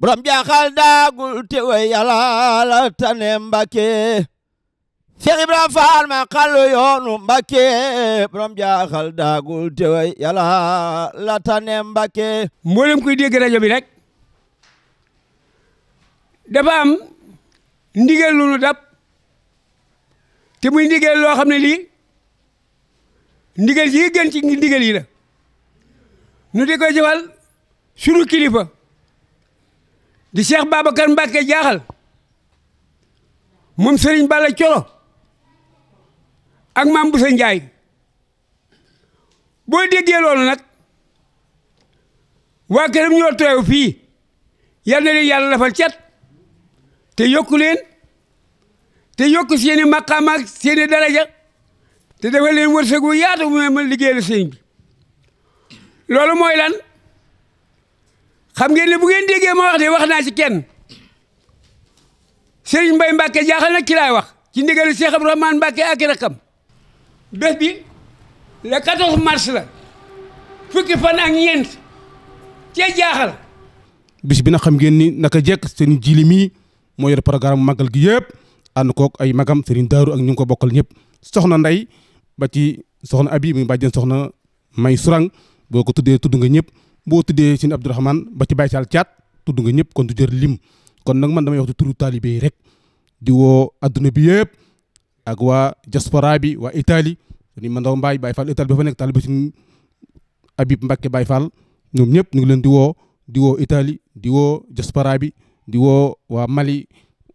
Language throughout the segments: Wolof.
borom jaaxal daagul te way yàlla la tane Mbàkke Cheikh Ibra Faal ma xalu yoonu Mbàkke borom jaaxal daagul te way yàlla la tane Mbàkke mboolem kuy dégg rajo bi rek dafa am nu dab te muy ndigal loo xam ne lii ndigal yi gën ci ndigal yi nu di koy jëfal sunu kilifa di Cheikh Babacar Mbacke jaaxal moom Serigne Balla Coro ak maam Boussa Ndiaye boo déggee loolu nag waa këram ñoo teew fii yal na leen yàlla dafal cet te yokku leen te yokku seeni maqaam ak seeni daraja te dafa leen wërsëgu yaatu mu ne ma liggéeyal bi loolu mooy lan xam ngeen ne bu ngeen ma wax de wax naa ci kenn Serigne mbay Mbacke jaaxal nag ci laay wax ci ndigalu Cheikh Abdourahmane Mbacke ak rakam bés bi le 14 mars la fukki fan ak ñeent cee jaaxal. bis bi na xam ngeen ni naka jekk seen jili mii moo yor programme màggal gi yëpp ànd kook ay magam Serigne Darou ak ñu ngi ko bokkal ñëpp soxna nday ba ci soxna abi muy bàjjen soxna May Surang boo ko tuddee tudd nga ñëpp. boo tuddee sëñ Abdourahmane ba ci Baye caat Thiat nga ñëpp kon du jër lim kon nag man damay wax di turu taalibe yi rek di woo adduna bi yëpp ak waa diaspora bi waa Italie ni man baay Mbaye Baye Fall Italie ba fa nekk taalibe sëñ Habib ñoom ñëpp ñu ngi leen di woo di woo Italie di woo diaspora bi di woo waa Mali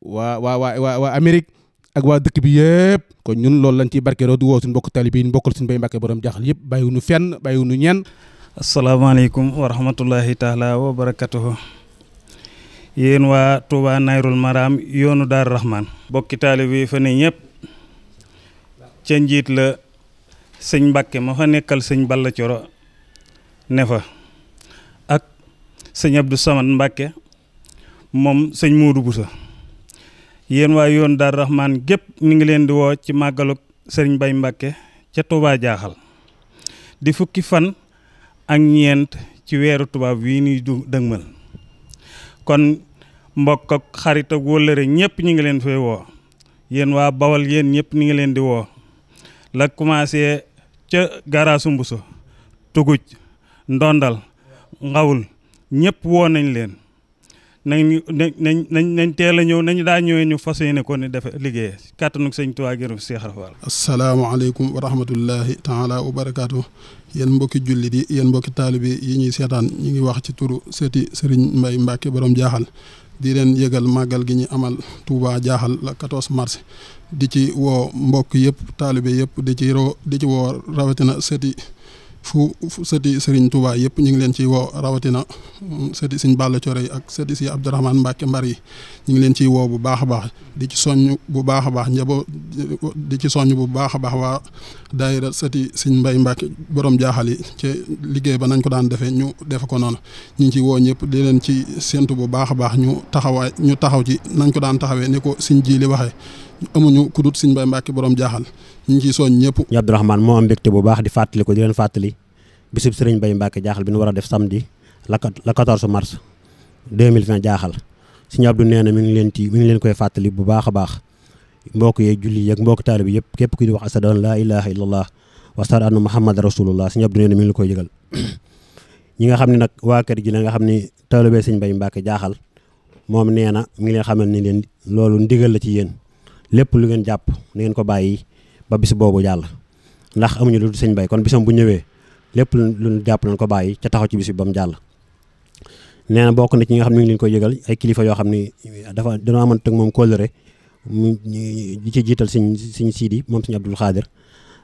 waa waa waa waa Amérique ak waa dëkk bi yëpp kon ñun loolu lañ ci barkeeloo di woo suñu mbokk taalibe yi ñu bokkal suñu bay Mbacke borom jaaxal yëpp bàyyiwuñu fenn ñen asalaamaaleykum wa rahmatullahi taala wa barakatuhu waa Touba Nayrul Maram yoonu Daaru Rahman bokki taalib fa ne ñëpp ca njiit la sëñ Mbàkke ma fa nekkal sëñ Balla Coro ne fa ak sëñ Abdou Samad Mbàkke moom sëñ Moodu Busa yéen waa yoonu Daaru Rahman gépp mi ngi leen di woo ci màggalug sëriñ Bay Mbàkke ca Touba Jaaxal di fukki fan ak ñeent ci weeru tubaab wii nuy dëgmal kon mbokk ak xarit ak wóllëre ñëpp ñi ngi leen fay woo yéen waa bawal yéen ñëpp ñi ngi leen di woo la commencé ca garaasu mbuso tuguj ndondal ngawul ñëpp woo nañ leen nañ nañ nañ nañ nañ teel a ñëw nañu daa ñëwee ñu fas yi ko ni defe liggéeye kàttanug sëñ Tuubaa gërëm Seex Rafal asalaamaaleykum wa rahmatullahi taala wa barakaatu yéen mbokki jullit yi yéen mbokki taalibe yi ñuy seetaan ñi ngi wax ci turu seeti Serigne mbay Mbacke borom jaaxal di leen yëgal màggal gi ñu amal Touba jaaxal la 14 mars di ci woo mbokk yëpp taalibe yëpp di ci ro di ci woo rawatina seeti fu sëti Serigne Touba yëpp ñu ngi leen ciy woo rawatina mm, sëti Serigne Balla Thioré yi ak sëti si Abdourahmane Mbacke mbari yi ñu ngi leen ci woo bu baax a baax di ci soññ bu baax a baax njabo di ci soññ bu baax a baax waa daayira sati Serigne mbay Mbacke borom jaaxal yi ci liggéey ba nañ ko daan defee ñu def ko noonu ñu ngi ciy woo ñëpp di leen ci séntu bu baax a baax ñu taxawaay ñu taxaw ci nañ ko daan taxawe ni ko Serigne ji li waxee amuñu ku dut sëñ Mbay Mbàkke borom jaaxal ñëpp. ñu Abdourahmane moo am bu baax di fàttali ko di leen fàttali bisub sëriñ Mbay Mbàkke jaaxal bi ñu war a def samedi la 14 mars 2020 jaaxal sëñ Abdou nee na mi ngi leen ci mi ngi leen koy fàttali bu baax a baax mbokk yee julli yeeg mbokk taalibe yëpp képp ku wax asadu an laa ilaaha illallah wa asadu anna muhammadan rasulullah sëñ Abdou nee na mi ngi la koy yëgal ñi nga xam ne nag waa kër gi la nga xam ne taalibe sëñ Mbay Mbàkke jaaxal moom nee na mi ngi leen xamal ni leen loolu ndigal la ci yéen lépp lu ngeen jàpp na ngeen ko bàyyi ba bis boobu jàll ndax amuñu lu sëñ bay kon bisam bu ñëwee lépp lu jàpp nañ ko bàyyi ca taxaw ci bis bi ba mu jàll nee bokk na ci nga xam ne mi ngi leen koy yëgal ay kilifa yoo xam ne dafa dañoo amoon teg moom kóllëre mu di ci jiital siñ siñ siidi moom siñ abdul xaadir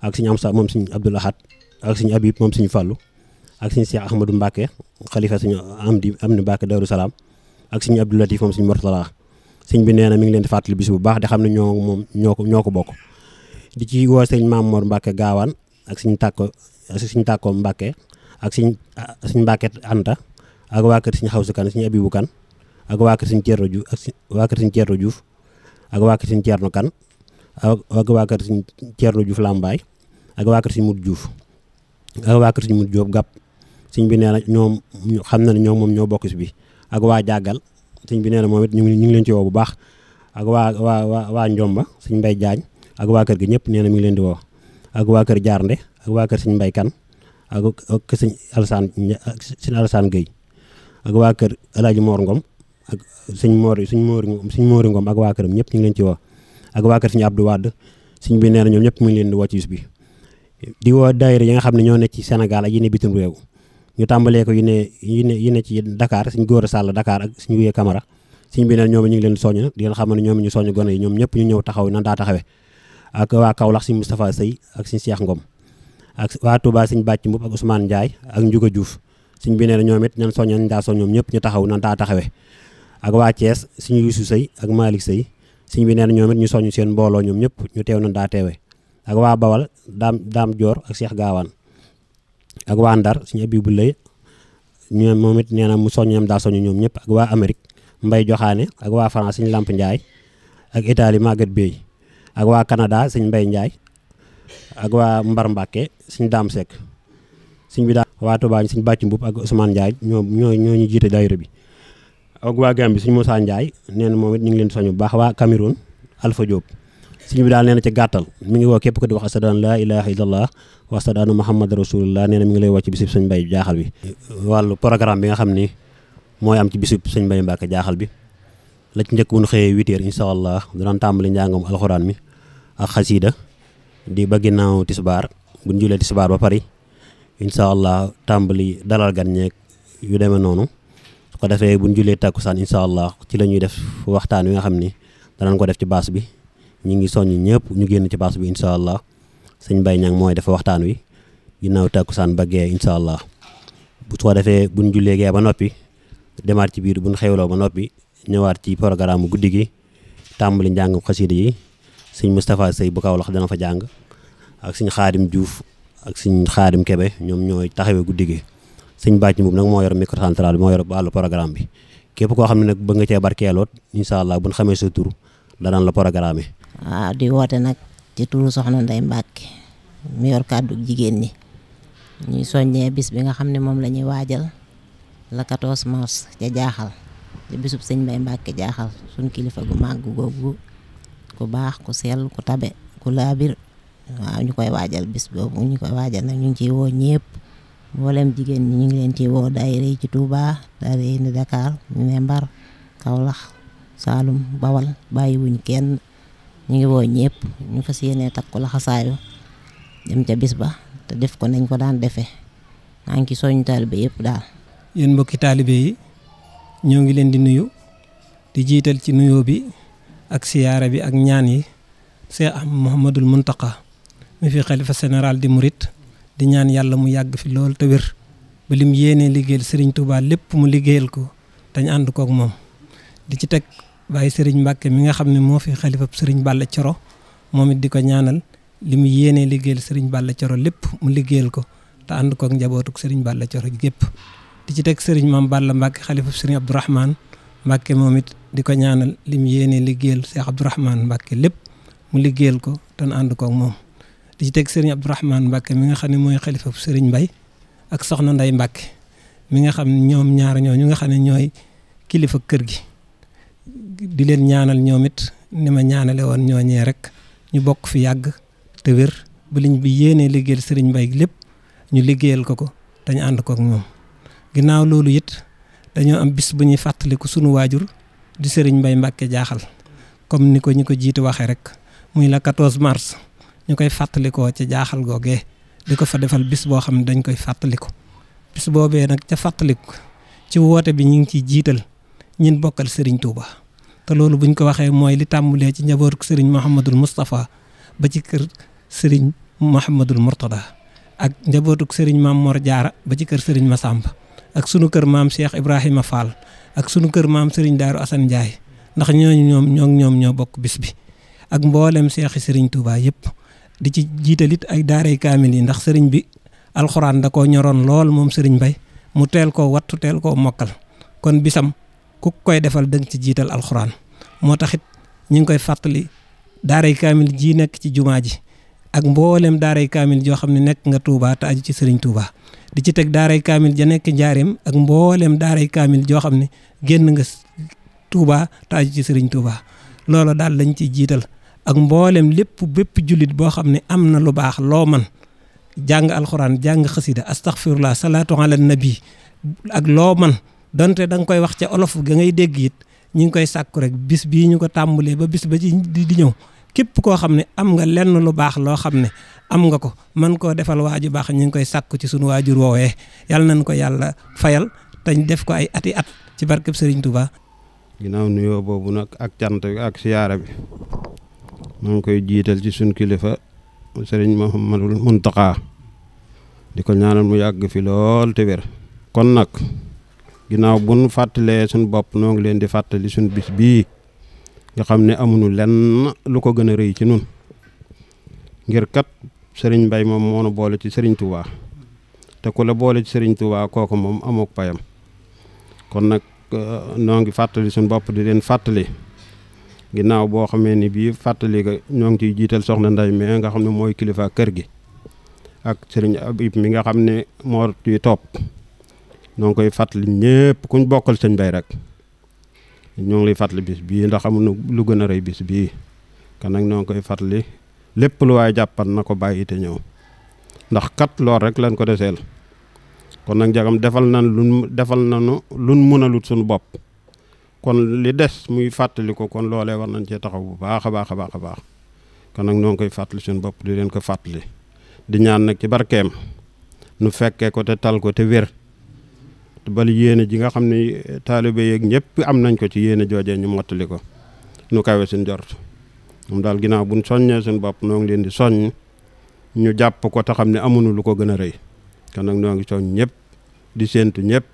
ak siñ amsa moom siñ abdul ahad ak siñ abib moom siñ fàllu ak siñ seex ahmadou mbàkke xalifa siñ am am ni mbàkke daaru salaam ak siñ abdul latif moom siñ mortala sëñ bi nee na mi ngi leen di bis bu baax di xam ne ñoo moom ñoo ko ñoo ko bokk di ci woo sëñ Mamour Mbacke gaawaan ak suñu tàkko suñu tàkko Mbacke ak suñ suñ Mbacke Anta ak waa kër suñu xawsu kan suñu kan ak waa kër suñu Thierno Diouf ak ak waa kër suñu Thierno kan ak waa kër ak waa kër suñu Mut Diouf ak waa Gàpp sëñ bi nee na ñoom xam na ne ñoom ñoo bokk si bi ak waa jàggal sëñ bi nee na moom it ñu ngi ñu ngi leen ci woo bu baax ak waa waa waa waa Njomba sëñ Mbay Jaañ ak waa kër gi ñëpp nee na mi ngi leen di woo ak waa kër Jaarnde ak waa kër sëñ Mbay Kan ak ak sëñ Alsaan sëñ waa kër Alaaji Moor Ngom ak sëñ Moor sëñ Moor sëñ Moor Ngom ak waa këram ñëpp ñu ngi leen ci woo ak waa kër sëñ Abdou Wade sëñ bi nee na ñoom ñëpp mu leen di woo ci bis bi di woo daayira yi nga xam ne ñoo nekk ci senegal ak yi ne bitim réew ñu tàmbalee ko yu ne yu ne yu ne ci Dakar suñ góor a sàll Dakar ak suñu wuyee Camara suñ bi neen ñoom ñu ngi leen soññ di leen xam ne ñoom ñu soññ gone yi ñoom ñëpp ñu ñëw taxaw nan daa taxawee ak waa Kaolack suñ Moustapha Sey ak suñ Cheikh Ngom ak waa Touba suñ Bàcc Mbub ak Ousmane Ndiaye ak Ndiouga Diouf suñ bi neen ñoom it ñan soññ nañ daa ñoom ñëpp ñu taxaw nan daa taxawee ak waa Thiès suñu Youssou Sey ak Malick Sey suñ bi neen ñoom it ñu soññ seen mbooloo ñoom ñëpp ñu teew nan daa teewee ak waa Bawal daam daam Dior ak Cheikh Gaawaan ak waa Ndar suñu abi bu lay ñoom moom it nee na mu soññam soñu ñoom ñëpp ak waa amerig Mbay Joxaane ak waa France suñu làmp njaay ak Italie Maguette Bey ak waa Canada suñ Mbay Ndiaye ak waa Mbar Mbàkke suñ Daam Seck suñ bi daa waa suñ Bàcc Mbub ak Ousmane Ndiaye ñoo ñoo ñoo ñu jiite daayira bi ak waa Gambie bi Moussa Ndiaye njaay na moom ñu ngi leen soñu bu baax waa Cameroun Alpha Diop bi daal nee na ci gàttal mu ngi woo képp ko di wax asadan laa ilaha illallah wastadaanu muhammad rasulullah nee na mi ngi lay wàcc bisib sëñ Mbay jaaxal bi wàllu programme bi nga xam ni mooy am ci bisib sëñ Mbay Mbàkke jaaxal bi la ci njëkk bu ñu xëyee huit heures incha allah danañ tàmbali njàngam alxuraan mi ak xasiida di ba ginnaaw tisbaar bu ñu julee tisbaar ba pare incha allah tàmbali dalal gan ñeeg yu demee noonu su ko defee bu ñu julee tàkkusaan incha allah ci la ñuy def waxtaan wi nga xam ni danañ ko def ci baas bi ñu ngi soññ ñëpp ñu génn ci baas bi incha allah sëñ Baye Niang mooy defa waxtaan wi ginnaaw tàkkusaan baggee incha allah bu soo defee buñ jullee gee ba noppi demaat ci biir buñ xewloo ba noppi ñëwaat ci programme guddi gi tàmbali njàng xasida yi sëñ Moustapha Sey bu Kawlax dana fa jàng ak sëñ Xaadim Diouf ak sëñ Xaadim Kebe ñoom ñooy taxawee guddi gi sëñ bàcc boobu nag moo yor microcentral bi moo yor wàllu programme bi képp ko xam ne nag bëgg nga cee barkeeloot incha allah bu buñ xamee sa tur danañ la programme. Ah, waaw ci turu soxna Ndeye Mbacke mu yor kàddu jigéen ñi ñuy soññee bis bi nga xam ne moom la ñuy waajal la 14 mars ca jaaxal ci bisub sëñ Mbay Mbacke jaaxal suñ kilifa gu màgg googu ku baax ku sell ku tabe ku laabir waaw ñu koy waajal bis boobu ñu koy waajal nag ñu ngi ciy woo ñëpp mboolem jigéen ñi ñu ngi leen ciy woo daayira yi ci Touba daayira yi ni Dakar Mimbar Kaolack Saalum Bawal bàyyiwuñ kenn ñu ngi woo ñëpp ñu fas yéenee takku laxasaayu dem ca bis ba te def ko nañ ko daan defe maa ngi ci soññ taalibe yëpp daal. yéen mbokki taalibe yi ñoo ngi leen di nuyu di jiital ci nuyoo bi ak siyaara bi ak ñaan yi Cheikh am Mouhamadul Mountakha mi fi xalifa général di murit di ñaan yàlla mu yàgg fi lool te wér ba lim yéenee liggéeyal Serigne Touba lépp mu liggéeyal ko dañ ànd kook moom di ci teg. waaye sëriñ Mbàkke mi nga xam ne moo fi xalifab sëriñ Balla Coro moom it di ko ñaanal li mu yéenee liggéeyal sëriñ Balla Coro lépp mu liggéeyal ko te ànd koog njabootuk sëriñ Balla Coro gépp di ci teg sëriñ Maam Balla Mbàkke xalifab sëriñ Abdourahmane Mbàkke moom it di ko ñaanal li mu yéenee liggéeyal Cheikh Abdourahmane Mbàkke lépp mu liggéeyal ko te ànd koog moom di ci teg sëriñ Abdourahmane Mbàkke mi nga xam ne mooy xalifab seriñ Mbay ak soxna Nday Mbàkke mi nga xam ne ñoom ñaar ñoo ñu nga xam ne ñooy kilifa kër gi di leen ñaanal ñoom it ni ma ñaanale woon ñooñee rek ñu bokk fi yàgg te wér ba liñ bi yéenee liggéeyal sëriñ Mbay lépp ñu liggéeyal ko ko dañu ànd ko ak ginnaaw loolu it dañoo am bis bu ñuy fàttaliku sunu waajur di sëriñ bay Mbàkke jaaxal comme ni ko ñu ko jiitu waxee rek muy la 14 mars ñu koy fàttalikoo ci jaaxal googee di ko fa defal bis boo xam ne dañ koy fàttaliku bis boobee nag ca fàttaliku ci woote bi ñu ngi ciy jiital ñin bokkal Serigne Touba te loolu buñ ko waxee mooy li tàmbulee ci njabootu Serigne Mouhamadul Moustapha ba ci kër Serigne Mouhamadul Mourtada ak njabootuk Serigne maam Mor jaara ba ci kër ma Massamba ak sunu kër maam Cheikh Ibrahima Fall ak sunu kër maam Serigne Daaru Assane Ndiaye ndax ñooñu ñoom ñoo ñoom ñoo bokk bis bi ak mboolem seexi Serigne Touba yëpp di ci jiitalit ay daaray kaamil yi ndax Serigne bi alxuraan da koo ñoroon lool moom Serigne Mbaye mu teel ko wattu teel koo kon bisam. ku koy defal dang ci jiital alxuraan moo taxit ñu ngi koy fàttali daaray kaamil jii nekk ci jumaa ji ak mboolem daaray kaamil joo xam ne nekk nga Touba ci Serigne Touba di ci teg daaray kaamil ja nekk njaareem ak daaray kaamil joo xam ne génn nga Touba te ci sëriñ Touba loolu daal lañ ci jiital ak mboolem lépp bépp jullit boo xam ne am na lu baax loo man jàng alxuraan jàng xasida astaghfirullah salaatu ala nabi ak loo man donte da nga koy wax ca olof ga ngay dégg it ñu ngi koy sàkku rek bis bii ñu ko tàmbalee ba bis ba ci di ñëw képp koo xam ne am nga lenn lu baax loo xam ne am nga ko man koo defal waaju baax ñu ngi koy sàkku ci sunu waajur woowee yàlla nañ ko yàlla fayal tañ def ko ay ati at ci barkeb sëriñ tubaa ginnaaw nuyoo boobu nag ak cant bi ak siyaara bi maa ngi koy jiital ci sunu kilifa sëriñ Serigne mun Mountakha di ko ñaanal mu yàgg fi lool te wér kon nag. ginnaaw bu fàttalee suñu bopp noo ngi leen di fàttali suñu bis bii nga xam ne amuñu lenn lu ko gën a rëy ci nun ngir kat sëriñ Mbay moom moo nu boole ci sëriñ tuwaa te ku la boole ci sëriñ tuwaa kooku moom amook payam kon nag euh, noo ngi fàttali suñu bopp di leen fàttali ginnaaw boo xamee ni bii fàttali ko ñoo ngi ciy jiital soxna Nday mais nga xam ne mooy kilifaa kër gi ak sëriñ Abib mi nga xam ne moo ciy topp. ñoo ngi koy fàttali ñëpp kuñ bokkal sëñ bay rek ñoo ngi lay fàttali bis bii ndax amul lu gën a rey bis bii kan nag ñoo ngi koy fàttali lépp lu waaye jàppan na ko bàyyi te ñëw ndax kat lool rek lañ ko deseel kon nag jagam defal nan lu defal nanu lun mënalut suñu bopp kon li des muy fàttali ko kon loolee war nañ cee taxaw bu baax a baax a baax a baax kon nag ñoo ngi koy fàttali suñu bopp di leen ko fàttali di ñaan nag ci barkeem nu fekkee ko te tal ko te wér bal yéene ji nga xam ne eh, taalibe yeeg ñëpp am nañ ko ci yéene joojee ñu mottali ko nu kawe suñ jort moom daal ginnaaw buñ soññee suñ bopp noo ngi leen di soññ ñu jàpp ko te xam ne amuñu lu ko gën a rëy kon nag noo ngi soññ ñëpp di séentu ñëpp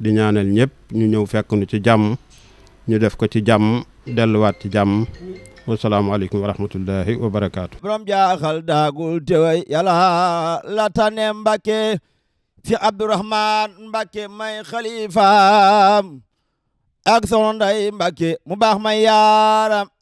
di ñaanal ñëpp ñu ñëw fekk nu ci jàmm ñu def ko ci jàmm delluwaat ci jàmm wasalaamaaleykum wa rahmatullahi wa barakaatu. jaaxal daagul teeway yàlla la tane Mbàkke si Abdourahman Mbacke may xalifaam ak soxna Ndeye Mbacke mu baax may yaaram